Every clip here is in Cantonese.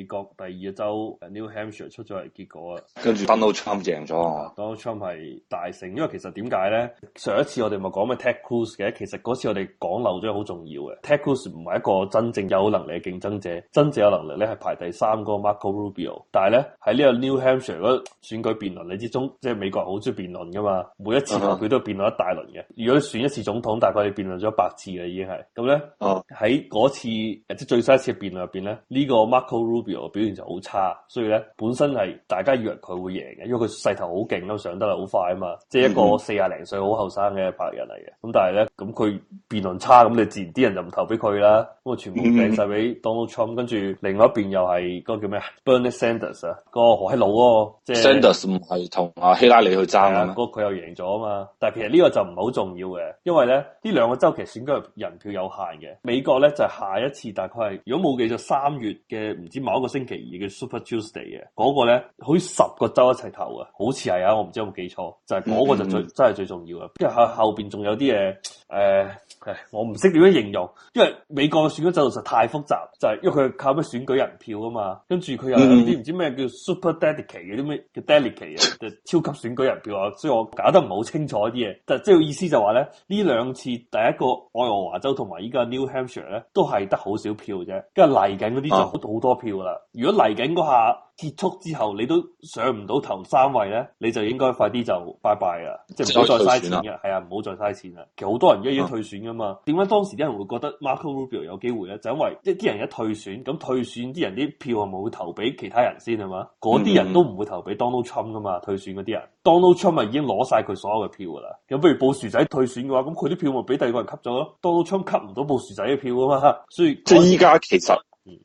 美國第二個州 New Hampshire 出咗嚟結果啊，跟住 Donald Trump 贏咗啊，Donald Trump 係大勝，因為其實點解咧？上一次我哋咪講咩 Ted Cruz 嘅，其實嗰次我哋講漏咗好重要嘅，Ted Cruz 唔係一個真正有能力嘅競爭者，真正有能力咧係排第三個 Marco Rubio，但係咧喺呢個 New Hampshire 嗰選舉辯論，你知中即係美國好中意辯論噶嘛，每一次佢都辯論一大輪嘅，uh huh. 如果選一次總統，大概你辯論咗一百次啦已經係，咁咧喺嗰次即係最新一次嘅辯論入邊咧，呢、呢個 Marco Rubio。表現就好差，所以咧本身係大家以為佢會贏嘅，因為佢勢頭好勁啦，上得嚟好快啊嘛，即係一個四廿零歲好後生嘅白人嚟嘅，咁但係咧咁佢辯論差，咁你自然啲人就唔投俾佢啦，咁、那、啊、個、全部掟晒俾 Donald Trump，跟住另外一邊又係嗰個叫咩 Bernie Sanders 啊，嗰個何係佬喎，即係 Sanders 唔係同阿、啊、希拉里去爭啊，佢、那個、又贏咗啊嘛，但係其實呢個就唔係好重要嘅，因為咧呢兩個周期選舉人票有限嘅，美國咧就係、是、下一次大概係如果冇記錯三月嘅唔知某。個星期二嘅 Super Tuesday 嘅嗰個咧，好似十個州一齊投啊，好似係啊，我唔知有冇記錯，就係、是、嗰個就最真係最重要嘅，因為喺後邊仲有啲嘢。誒、uh，我唔識點樣形容，因為美國嘅選舉制度實在太複雜，就係、是、因為佢靠咩選舉人票啊嘛，跟住佢又有啲唔知咩叫 super delegate 嘅啲咩叫 delegate 啊，icated，就超級選舉人票啊，所以我搞得唔好清楚啲嘢，但即係意思就話咧，呢兩次第一個愛奧華州同埋依家 New Hampshire 咧，都係得好少票啫，跟住嚟緊嗰啲就好好多票啦。啊、如果嚟緊嗰下，結束之後，你都上唔到頭三位咧，你就應該快啲就拜拜再再就啊！即係唔好再嘥錢嘅，係啊，唔好再嘥錢啦。其實好多人都已經退選噶嘛。點解當時啲人會覺得 Marco Rubio 有機會咧？就因為一啲人一退選，咁退選啲人啲票係咪會投俾其他人先係嘛？嗰啲人都唔會投俾 Donald Trump 噶嘛。退選嗰啲人、mm hmm.，Donald Trump 咪已經攞晒佢所有嘅票噶啦。咁不如布殊仔退選嘅話，咁佢啲票咪俾第二個人吸咗咯。Donald Trump 吸唔到布殊仔嘅票啊嘛。所以即係依家其實。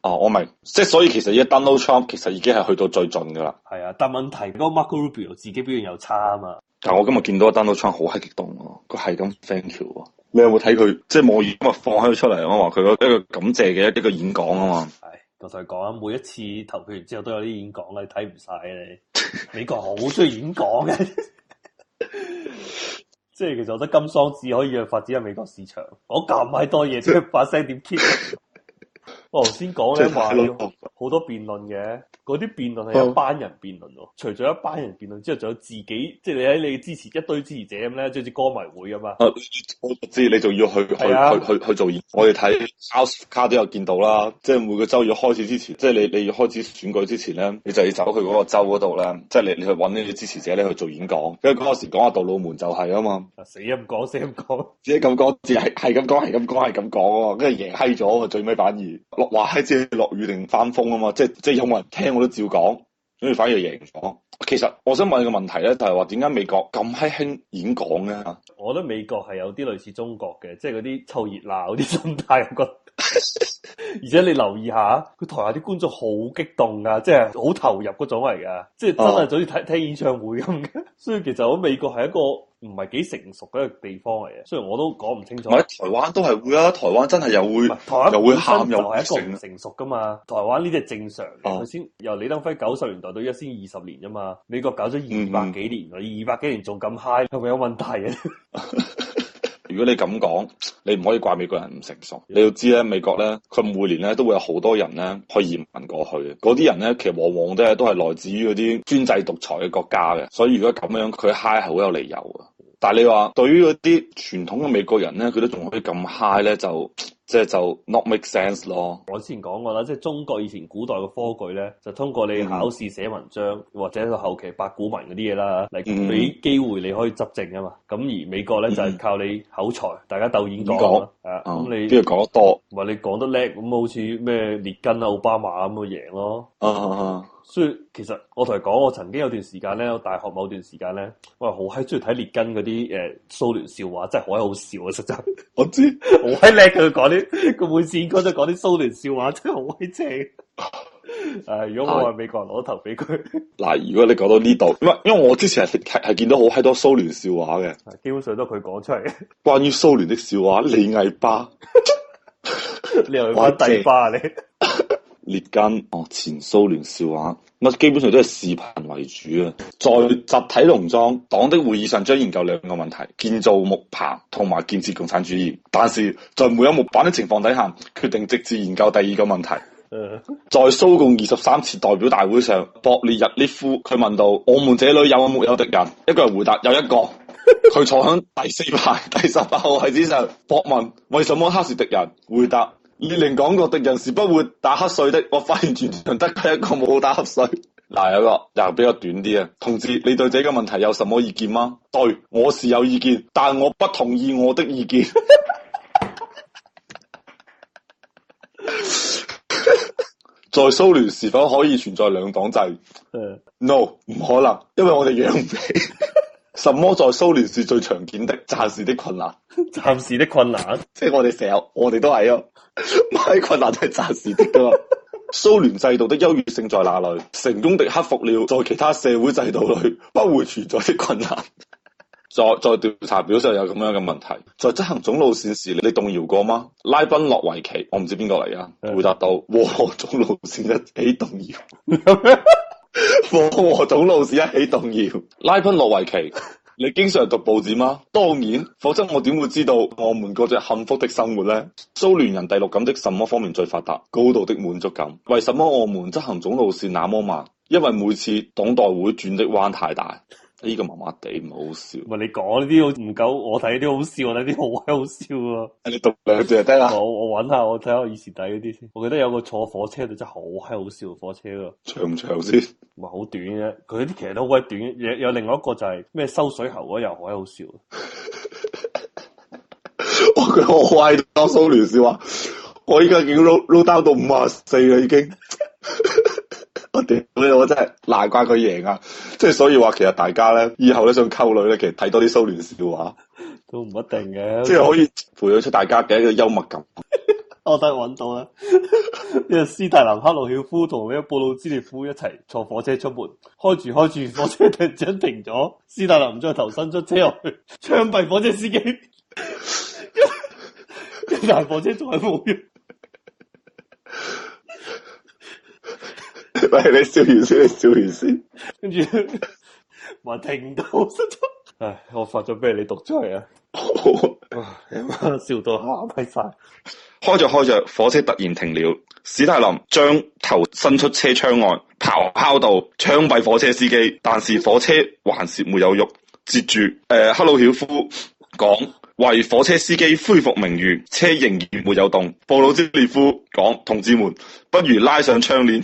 哦、啊，我明，即係所以其實而家 Donald Trump 其實已經係去到最盡噶啦。係啊，但係問題嗰個 Marco Rubio 自己表現又差啊嘛。但係我今日見到 Donald Trump 好係激動喎、啊，佢係咁 thank you 喎、啊。你有冇睇佢即係冇預咁啊放喺度出嚟啊？話佢個一個感謝嘅一個演講啊嘛。係，老實講，每一次投票完之後都有啲演講啦，睇唔晒啊。你，你美國好中意演講嘅， 即係其實我覺得金桑只可以發展喺美國市場。我咁閪多嘢，即係把聲點 keep？我頭先講咧話好多辯論嘅，嗰啲辯論係一班人辯論喎。嗯、除咗一班人辯論之後，仲有自己，即係你喺你支持一堆支持者咁咧，即係啲歌迷會嘛啊嘛。我知你仲要去去去去，去，去，去，去做演，啊、我哋睇奧斯卡都有見到啦。即係每個州要開始之前，即係你你要開始選舉之前咧，你就要走去嗰個州嗰度咧，即係你你去揾呢啲支持者咧去做演講。咁嗰陣時講下杜魯門就係啊嘛。啊死咁講，死咁講， 自己咁講，自係係咁講，係咁講，係咁講，跟住贏閪咗最尾反而。話喺即係落雨定翻風啊嘛，即係即係有冇人聽我都照講，所以反而贏咗。其實我想問一個問題咧，就係話點解美國咁閪興演講咧？我覺得美國係有啲類似中國嘅，即係嗰啲湊熱鬧嗰啲心態，我覺得。 而且你留意下，佢台下啲觀眾好激動啊，即係好投入嗰種嚟噶，即係真係好似睇睇演唱會咁嘅。 所以其實我美國係一個唔係幾成熟嘅一個地方嚟嘅。雖然我都講唔清楚。喺台灣都係會啊，台灣真係又會又會喊又會成。係一個唔成熟噶嘛， 台灣呢啲係正常。佢先、啊、由李登輝九十年代到而家先二十年啫嘛，美國搞咗二百幾年，二百幾年仲咁 high，係咪有問題啊？ 如果你咁講，你唔可以怪美國人唔成熟。你要知咧，美國咧，佢每年咧都會有好多人咧去移民過去嘅。嗰啲人咧，其實往往都係都係來自於嗰啲專制獨裁嘅國家嘅。所以如果咁樣，佢嗨係好有理由嘅。但係你話對於嗰啲傳統嘅美國人咧，佢都仲可以咁嗨咧就。即係就 not make sense 咯。我之前講過啦，即係中國以前古代嘅科舉咧，就通過你考試寫文章或者到後期八股文嗰啲嘢啦，嚟俾機會你可以執政啊嘛。咁而美國咧就係、是、靠你口才，大家鬥演講國啊。咁你邊度講得多，話你講得叻，咁好似咩列根啊、奧巴馬咁去贏咯。啊，啊所以其實我同你講，我曾經有段時間咧，我大學某段時間咧，我係好閪中意睇列根嗰啲誒蘇聯笑話，真係好閪好笑啊！實真，我知好閪叻佢講啲。 佢 每次哥就講啲蘇聯笑話真係好威正，誒， 如果我係美國人攞頭俾佢，嗱 如果你講到呢度，唔係，因為我之前係食係見到好閪多蘇聯笑話嘅， 基本上都佢講出嚟， 關於蘇聯的笑話，李毅巴， 你又玩大巴你？ 列根哦，前蘇聯笑話，乜基本上都係視頻為主啊！在集體農莊黨的會議上，將研究兩個問題：建造木棚同埋建設共產主義。但是在沒有木板的情況底下，決定直接研究第二個問題。在蘇共二十三次代表大會上，勃列日涅夫佢問道：我們這裏有冇有，有敵人？一個人回答：有一個。佢 坐響第四排第十八號位置上，博問：為什麼他是敵人？回答。列寧講過敵人，是不會打瞌睡的，我發現全場得佢一個冇打瞌睡。嗱，有個又比較短啲啊。同志，你對這個問題有什麼意見嗎？對，我是有意見，但我不同意我的意見。 在蘇聯是否可以存在兩黨制？嗯，No，唔可能，因為我哋養肥。 什麼在蘇聯是最常見的暫時的困難？暫時的困難，即係 我哋成日，我哋都係啊，嘅困難都係暫時的嘛。個蘇聯制度的優越性在哪裏？成功的克服了在其他社會制度裏不會存在的困難。在在調查表上有咁樣嘅問題，在執行總路線時，你動搖過嗎？拉賓諾維奇，我唔知邊個嚟啊，回答到： 哇，總路線一齊動搖。 黨 和總路線一起動搖。拉賓諾維奇，你經常讀報紙嗎？當然，否則我點會知道我們過着幸福的生活呢？蘇聯人第六感的什麼方面最發達？高度的滿足感。為什麼我們執行總路綫那麼慢？因為每次黨代會轉的彎太大。呢個麻麻地唔好笑。唔係你講呢啲好唔夠，我睇啲好笑，我睇啲好閪好笑啊！你讀兩字就得啦。我我揾下，我睇下我以前睇嗰啲先。我記得有個坐火車，對真係好閪好笑，火車啊！長唔長先？唔係好短嘅，佢啲其實都好鬼短。有有另外一個就係咩收水喉嗰又好閪好笑。 我佢好閪多蘇聯笑話，我依家叫 load load down 到五啊四已經。我哋，我真係難怪佢贏啊！即係所以話，其實大家咧，以後都想溝女咧，其實睇多啲蘇聯笑話都唔一定嘅，即係可以培養出大家嘅一個幽默感。 我得揾到啦，因為斯大林、赫魯曉夫同布盧斯列夫一齊坐火車出門，開住開住火車突然間停咗，斯大林將頭伸出車落去，槍斃火車司機，但 大火車仲喺度。你笑完先，你笑完先，跟住還停到，失唉，我發咗咩？你讀出嚟啊！笑到吓鬼晒，開着開着，火車突然停了。史泰林將頭伸出車窗外咆哮道：槍斃火車司機！但是火車還是沒有喐，接住。誒、呃，克魯曉夫講：為火車司機恢復名譽。車仍然沒有動。布魯茲列夫講：同志們，不如拉上窗簾。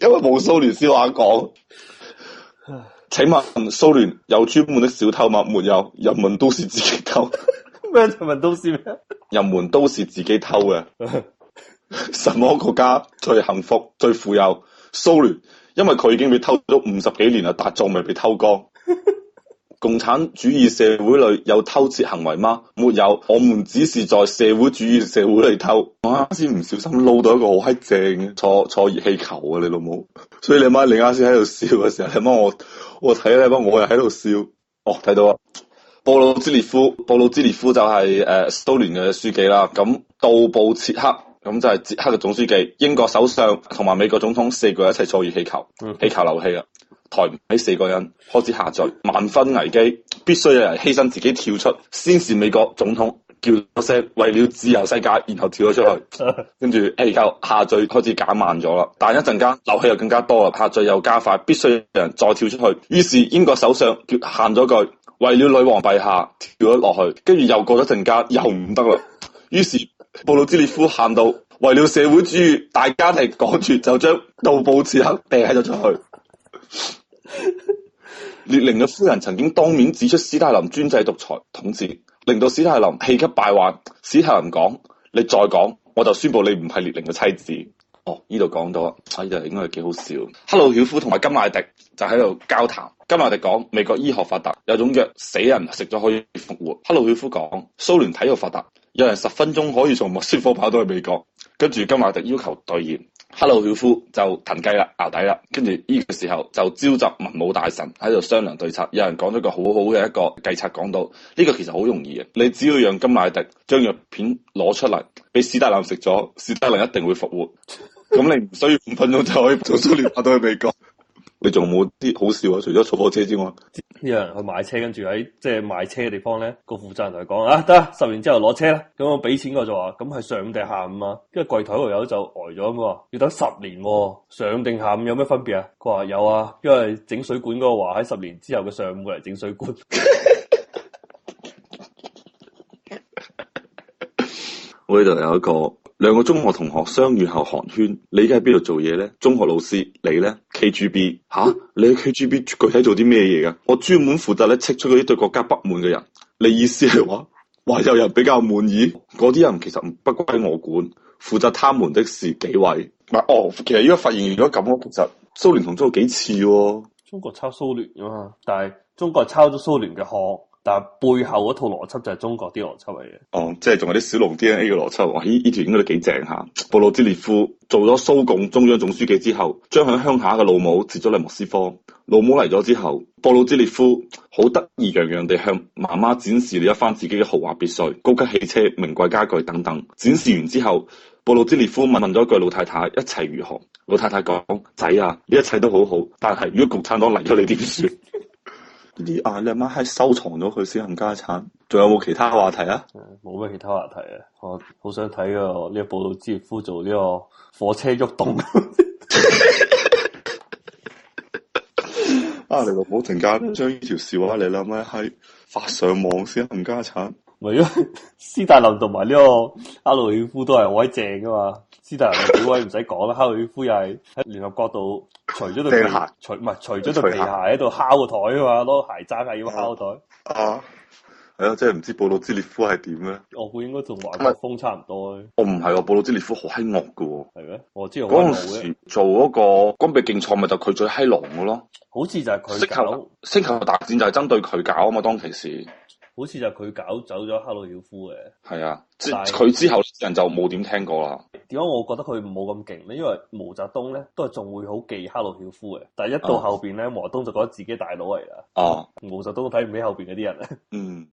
因為冇蘇聯笑話講，請問蘇聯有專門的小偷嗎？沒有，人民都是自己偷。咩？人民都是咩？人民都是自己偷嘅。 什麼國家最幸福、最富有？蘇聯，因為佢已經被偷咗五十幾年啦，大藏未被偷光。 共產主義社會裏有偷竊行為嗎？沒有，我們只是在社會主義社會裏偷。我啱先唔小心撈到一個好閪正坐坐熱氣球啊！你老母，所以你媽你啱先喺度笑嘅時候，你媽我我睇，你媽我又喺度笑。哦，睇到啊！布魯茲列夫，布魯茲列夫就係誒蘇聯嘅書記啦。咁杜布切克，咁就係捷克嘅總書記。英國首相同埋美國總統四個一齊坐熱氣球，氣球漏氣啊。台唔喺四個人開始下墜，萬分危機，必須有人犧牲自己跳出，先是美國總統叫咗聲為了自由世界，然後跳咗出去，跟住又下墜開始減慢咗啦，但一陣間漏氣又更加多啦，下墜又加快，必須有人再跳出去，於是英國首相叫喊咗句為了女王陛下跳咗落去，跟住又過咗陣間又唔得啦，於是布魯茲列夫喊到為了社會主義，大家庭，跟住就將杜布茨克掟喺咗出去。 列寧嘅夫人曾經當面指出史泰林專制獨裁統治，令到史泰林氣急敗壞。史泰林講：你再講，我就宣布你唔係列寧嘅妻子。哦，呢度講到啊，呢、哎、度應該係幾好笑。赫魯曉夫同埋金艾迪就喺度交談。金艾迪講：美國醫學發達，有種藥死人食咗可以復活。赫魯曉夫講：蘇聯體育發達。有人十分鐘可以從莫斯科跑到去美國，跟住金馬迪要求兌現，赫魯曉夫就騰雞啦，咬底啦，跟住呢個時候就召集文武大臣喺度商量對策，有人講咗個好好嘅一個計策，講到呢、呢個其實好容易嘅，你只要讓金馬迪將藥片攞出嚟，俾史達林食咗，史達林一定會復活，咁你唔需要五分鐘就可以從蘇聯跑到去美國。 佢仲冇啲好笑啊？除咗坐火車之外，有人去買車，跟住喺即係買車嘅地方咧，個負責人就講啊，得十年之後攞車啦。咁我俾錢我就話，咁係上午定下午啊？因為櫃台嗰友就呆咗，佢話要等十年，啊，上定下午有咩分別啊？佢話有啊，因為整水管個話喺十年之後嘅上午嚟整水管。我呢度有一個。兩個中學同學相遇後寒暄，你而家喺邊度做嘢咧？中學老師，你咧 KGB 吓、啊？你喺 KGB 具體做啲咩嘢噶？我專門負責咧剔出嗰啲對國家不滿嘅人。你意思係話，話有人比較滿意，嗰啲人其實不歸我管，負責他們的是幾位？唔係哦，其實而家發現咗咁，其實蘇聯同中國幾似喎。中國抄蘇聯吖嘛？但係中國抄咗蘇聯嘅課。但背後嗰套邏輯就係中國啲邏輯嚟嘅。哦，即係仲有啲小龍 DNA 嘅邏輯喎。咦呢條應該都幾正嚇。布魯茲列夫做咗蘇共中央總書記之後，將響鄉下嘅老母接咗嚟莫斯科。老母嚟咗之後，布魯茲列夫好得意洋洋地向媽媽展示了一番自己嘅豪華別墅、高級汽車、名貴家具等等。展示完之後，布魯茲列夫問問咗一句老太太：一切如何？老太太講：仔啊，呢一切都好好，但係如果共產黨嚟咗你點算？ 呢啲啊，你阿媽喺收藏咗佢先，隱家產，仲有冇其他話題啊？冇咩 甜 anka、 嗯、其他話題啊！我好想睇、那個呢、這個布到基葉夫做呢個火車喐動，動。 啊，你老母停架啦！將呢條笑話你阿媽喺發上網先，隱家產。咪因為，斯大林同埋呢個阿路列夫都係好鬼正噶嘛！ 斯大林嘅地位唔使講啦，阿路列夫又係喺聯合國度。除咗對皮鞋，除唔係除咗對皮鞋喺度敲個枱啊嘛，攞鞋踭係要敲個枱、啊。啊，係咯，即係唔知布魯茲列夫係點咧？我估應該同華國鋒差唔多。哦，唔係喎，布魯茲列夫好閪惡嘅喎。係咩？我知嗰陣時做嗰個軍備競賽，咪就佢、是、最閪狼嘅咯。好似就係佢。星球星球大戰就係針對佢搞啊嘛，當其時。好似就佢搞走咗赫魯曉夫嘅。係啊，即係佢之後啲人就冇點聽過啦。點解我覺得佢冇咁勁咧？因為毛澤東咧都係仲會好記赫魯曉夫嘅，但係一到後邊咧，啊、毛澤東就覺得自己大佬嚟啦。哦、啊，毛澤東睇唔起後邊嗰啲人咧。嗯。